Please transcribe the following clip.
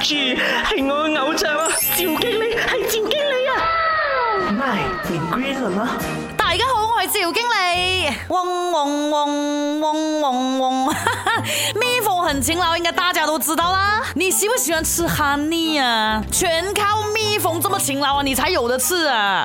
住，係我的偶像啊！趙經理，係趙經理啊！My，你 green 了嗎？大家好，我係趙經理。嗡嗡嗡嗡嗡嗡，哈、嗯、哈，嗯嗯嗯嗯嗯、 蜜蜂很勤勞，應該大家都知道啦。你喜不喜歡吃 honey 啊？全靠蜜蜂，蜂這麼勤勞啊，你才有的吃啊！